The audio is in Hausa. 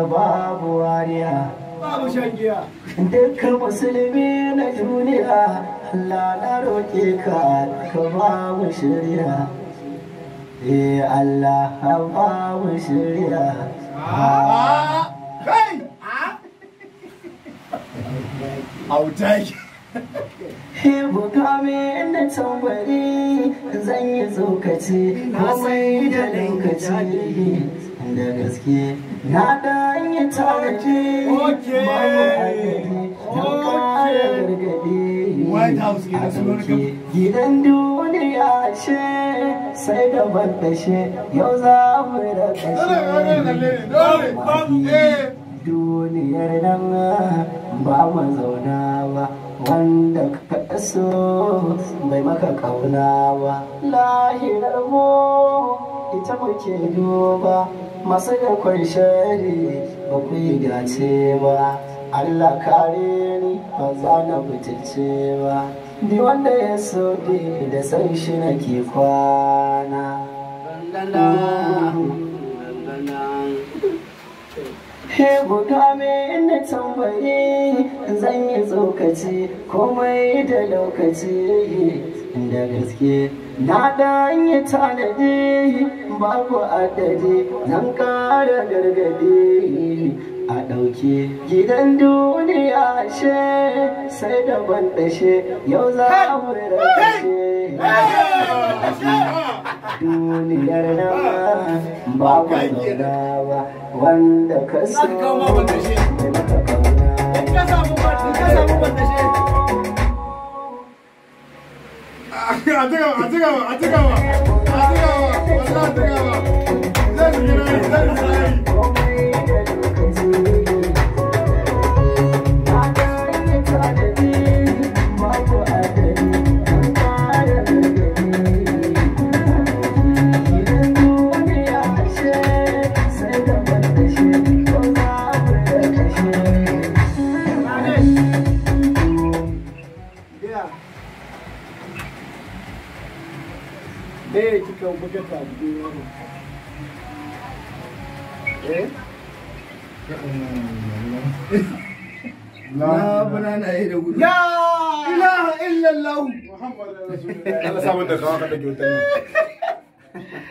da babu wariya babu shagiya dukkan musulmi na duniya Allah na roƙe ka ka shirya eh Allah ka babu shirya kai autai bukame na tambari zan yi tsokaci komai da lokaci da gaske na da yi tarje babu adadi don kare a gidan duniya ce sai da bandashe yau za mu da kashe duniyar nan ba mu zauna ba wanda ka so bai maka kauna ba lahirar mu ita muke duba masu da shari ba ku yi dace ba Allah kare ni ba za na fitilce ba di wanda ya so da san shi nake kwana buga na tambayi zan yi tsokaci komai da lokaci da gaske na dan yi tanadi babu adadi zan kara gargadi a ɗauke gidan duniya she sai da ban yau za a wurin duniyar nan ba ku nuna ba wanda ka so A cigaba, a cigaba, a cigaba, a cigaba, a cigaba, zai a gina, a su ايه تكو بكتا ايه لا بنانا ايه لا اله الا الله محمد رسول الله